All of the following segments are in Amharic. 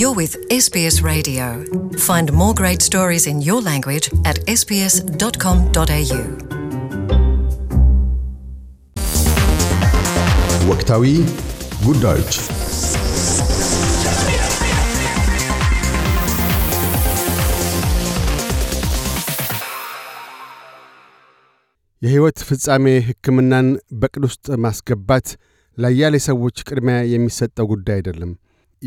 You're with SBS Radio. Find more great stories in your language at sbs.com.au. ወቅታዊ ጉዳዮች የሕይወት ፍጻሜ ሕክምናን በቅድ ውስጥ ማስገባት ለአያሌ ሰዎች ቅድሚያ የሚሰጠው ጉዳይ አይደለም።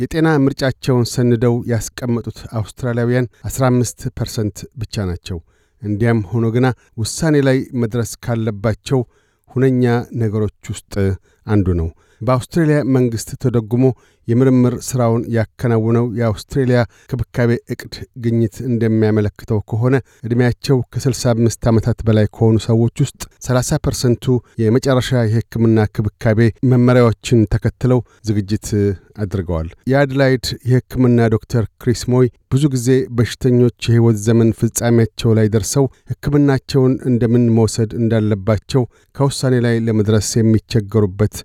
የጤና ምርጫቸውን ሰንደው ያስቀመጡት አውስትራሊያውያን 15 ፐርሰንት ብቻ ናቸው። እንዲያም ሆኖ ግና ውሳኔ ላይ መድረስ ካለባቸው ሁነኛ ነገሮች ውስጥ አንዱ ነው። በአውስትሬልያ መንግሥት ተደጉሞ የምርምር ሥራውን ያከናውነው የአውስትሬልያ ክብካቤ እቅድ ግኝት እንደሚያመለክተው ከሆነ ዕድሜያቸው ከ65 ዓመታት በላይ ከሆኑ ሰዎች ውስጥ 30 ፐርሰንቱ የመጨረሻ የሕክምና ክብካቤ መመሪያዎችን ተከትለው ዝግጅት አድርገዋል። የአድላይድ የሕክምና ዶክተር ክሪስ ሞይ ብዙ ጊዜ በሽተኞች የሕይወት ዘመን ፍጻሜያቸው ላይ ደርሰው ሕክምናቸውን እንደምን መውሰድ እንዳለባቸው ከውሳኔ ላይ ለመድረስ የሚቸገሩበት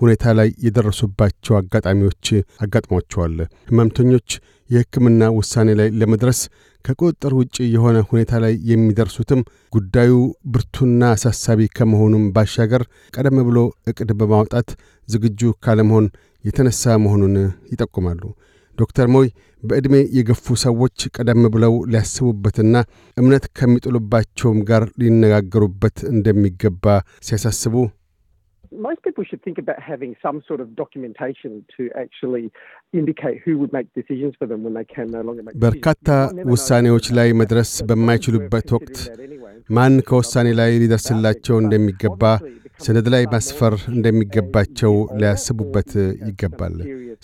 ሁኔታ ላይ የደረሱባቸው አጋጣሚዎች አጋጥሟቸዋል። ህመምተኞች የሕክምና ውሳኔ ላይ ለመድረስ ከቁጥጥር ውጭ የሆነ ሁኔታ ላይ የሚደርሱትም ጉዳዩ ብርቱና አሳሳቢ ከመሆኑም ባሻገር ቀደም ብሎ እቅድ በማውጣት ዝግጁ ካለመሆን የተነሳ መሆኑን ይጠቁማሉ። ዶክተር ሞይ በዕድሜ የገፉ ሰዎች ቀደም ብለው ሊያስቡበትና እምነት ከሚጥሉባቸውም ጋር ሊነጋገሩበት እንደሚገባ ሲያሳስቡ Most people should think about having some sort of documentation to actually indicate who would make decisions for them when they can no longer make decisions. በርካታ ውሳኔዎች ላይ መድረስ በማይችሉበት ወቅት ማን ከውሳኔ ላይ ሊደርስላቸው እንደሚገባ ሰነድ ላይ ማስፈር እንደሚገባቸው ሊያስቡበት ይገባል።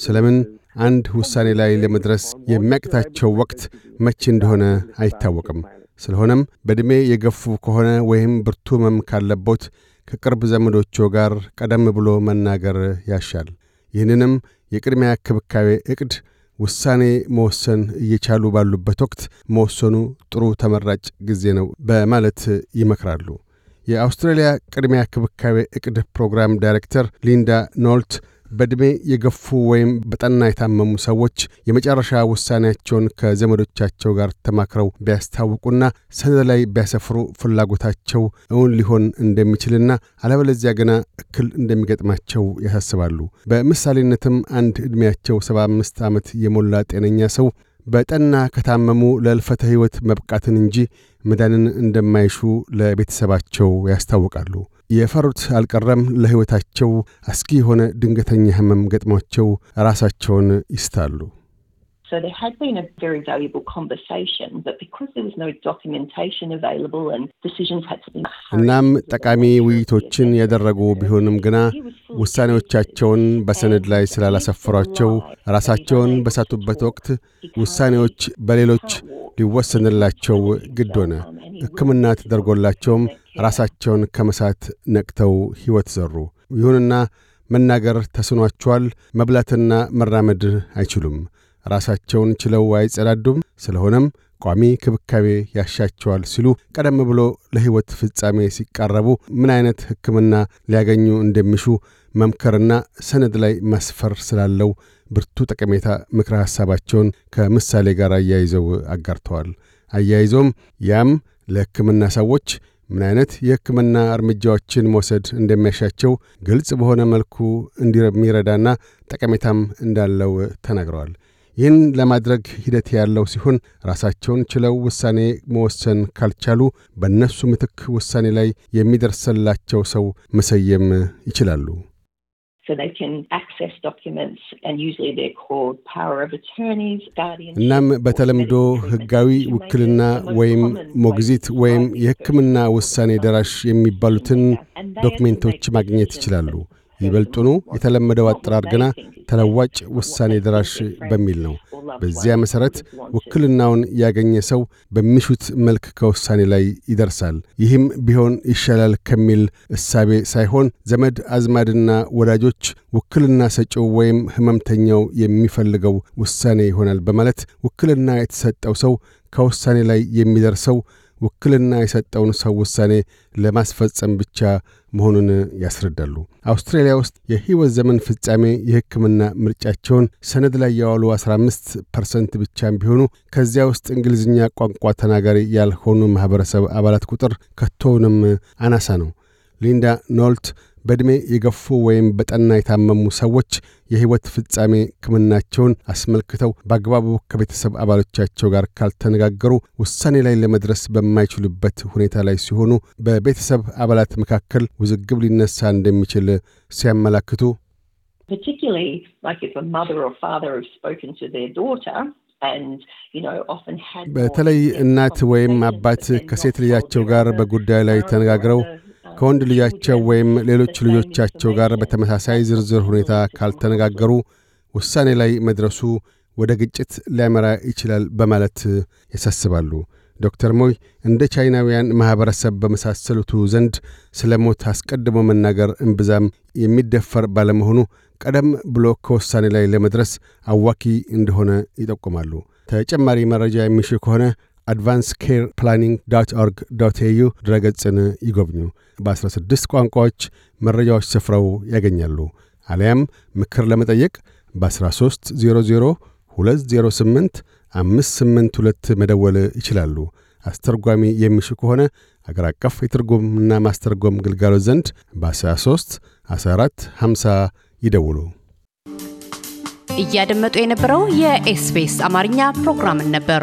ስለምን አንድ ውሳኔ ላይ ለመድረስ የሚያቅታቸው ወቅት መቼ እንደሆነ አይታወቅም። ስለሆነም በዕድሜ የገፉ ከሆነ ወይም ብርቱ ሕመም ካለቦት ከቅርብ ዘመዶቹ ጋር ቀደም ብሎ መናገር ያሻል። ይህንንም የቅድሚያ ክብካቤ ዕቅድ ውሳኔ መወሰን እየቻሉ ባሉበት ወቅት መወሰኑ ጥሩ ተመራጭ ጊዜ ነው በማለት ይመክራሉ። የአውስትራሊያ ቅድሚያ ክብካቤ ዕቅድ ፕሮግራም ዳይሬክተር ሊንዳ ኖልት በዕድሜ የገፉ ወይም በጠና የታመሙ ሰዎች የመጨረሻ ውሳኔያቸውን ከዘመዶቻቸው ጋር ተማክረው ቢያስታውቁና ሰነድ ላይ ቢያሰፍሩ ፍላጎታቸው እውን ሊሆን እንደሚችልና አለበለዚያ ገና እክል እንደሚገጥማቸው ያሳስባሉ። በምሳሌነትም አንድ ዕድሜያቸው አምስት ዓመት የሞላ ጤነኛ ሰው በጠና ከታመሙ ለልፈተ ሕይወት መብቃትን እንጂ መዳንን እንደማይሹ ለቤተሰባቸው ያስታውቃሉ። የፈሩት አልቀረም። ለሕይወታቸው አስጊ የሆነ ድንገተኛ ህመም ገጥሟቸው ራሳቸውን ይስታሉ። So there had been a very valuable conversation, but because there was no documentation available and decisions had to be እናም ጠቃሚ ውይይቶችን ያደረጉ ቢሆንም ግና ውሳኔዎቻቸውን በሰነድ ላይ ስላላሰፈሯቸው ራሳቸውን በሳቱበት ወቅት ውሳኔዎች በሌሎች ሊወሰንላቸው ግድ ሆነ። ሕክምና ተደርጎላቸውም ራሳቸውን ከመሳት ነቅተው ሕይወት ዘሩ። ይሁንና መናገር ተስኗቸዋል። መብላትና መራመድ አይችሉም። ራሳቸውን ችለው አይጸዳዱም። ስለሆነም ቋሚ ክብካቤ ያሻቸዋል ሲሉ ቀደም ብሎ ለሕይወት ፍጻሜ ሲቃረቡ ምን አይነት ሕክምና ሊያገኙ እንደሚሹ መምከርና ሰነድ ላይ መስፈር ስላለው ብርቱ ጠቀሜታ ምክረ ሐሳባቸውን ከምሳሌ ጋር አያይዘው አጋርተዋል። አያይዘውም ያም ለሕክምና ሰዎች ምን አይነት የሕክምና እርምጃዎችን መውሰድ እንደሚያሻቸው ግልጽ በሆነ መልኩ እንደሚረዳና ጠቀሜታም እንዳለው ተናግረዋል። ይህን ለማድረግ ሂደት ያለው ሲሆን ራሳቸውን ችለው ውሳኔ መወሰን ካልቻሉ በእነሱ ምትክ ውሳኔ ላይ የሚደርስላቸው ሰው መሰየም ይችላሉ። እናም በተለምዶ ህጋዊ ውክልና ወይም ሞግዚት ወይም የሕክምና ውሳኔ ደራሽ የሚባሉትን ዶክሜንቶች ማግኘት ይችላሉ። ይበልጡኑ የተለመደው አጠራር ግና ተለዋጭ ውሳኔ ደራሽ በሚል ነው። በዚያ መሠረት ውክልናውን ያገኘ ሰው በሚሹት መልክ ከውሳኔ ላይ ይደርሳል። ይህም ቢሆን ይሻላል ከሚል እሳቤ ሳይሆን ዘመድ አዝማድና ወዳጆች ውክልና ሰጪው ወይም ሕመምተኛው የሚፈልገው ውሳኔ ይሆናል በማለት ውክልና የተሰጠው ሰው ከውሳኔ ላይ የሚደርሰው ውክልና የሰጠውን ሰው ውሳኔ ለማስፈጸም ብቻ መሆኑን ያስረዳሉ። አውስትራሊያ ውስጥ የህይወት ዘመን ፍጻሜ የህክምና ምርጫቸውን ሰነድ ላይ ያዋሉ 15 ፐርሰንት ብቻም ቢሆኑ ከዚያ ውስጥ እንግሊዝኛ ቋንቋ ተናጋሪ ያልሆኑ ማህበረሰብ አባላት ቁጥር ከቶውንም አናሳ ነው። ሊንዳ ኖልት በዕድሜ የገፉ ወይም በጠና የታመሙ ሰዎች የህይወት ፍጻሜ ህክምናቸውን አስመልክተው በአግባቡ ከቤተሰብ አባሎቻቸው ጋር ካልተነጋገሩ ውሳኔ ላይ ለመድረስ በማይችሉበት ሁኔታ ላይ ሲሆኑ በቤተሰብ አባላት መካከል ውዝግብ ሊነሳ እንደሚችል ሲያመላክቱ በተለይ እናት ወይም አባት ከሴት ልጃቸው ጋር በጉዳዩ ላይ ተነጋግረው ከወንድ ልጃቸው ወይም ሌሎች ልጆቻቸው ጋር በተመሳሳይ ዝርዝር ሁኔታ ካልተነጋገሩ ውሳኔ ላይ መድረሱ ወደ ግጭት ሊያመራ ይችላል በማለት ያሳስባሉ። ዶክተር ሞይ እንደ ቻይናውያን ማኅበረሰብ በመሳሰሉቱ ዘንድ ስለ ሞት አስቀድሞ መናገር እምብዛም የሚደፈር ባለመሆኑ ቀደም ብሎ ከውሳኔ ላይ ለመድረስ አዋኪ እንደሆነ ይጠቁማሉ። ተጨማሪ መረጃ የሚሽ ከሆነ አድቫንስ ኬር ፕላኒንግ ዶት ኦርግ ዶት ኤዩ ድረገጽን ይጎብኙ። በ16 ቋንቋዎች መረጃዎች ሰፍረው ያገኛሉ። አሊያም ምክር ለመጠየቅ በ1300 208 582 መደወል ይችላሉ። አስተርጓሚ የሚሹ ከሆነ አገር አቀፍ የትርጉምና ማስተርጎም ግልጋሎት ዘንድ በ13 14 50 ይደውሉ። እያደመጡ የነበረው የኤስፔስ አማርኛ ፕሮግራምን ነበር።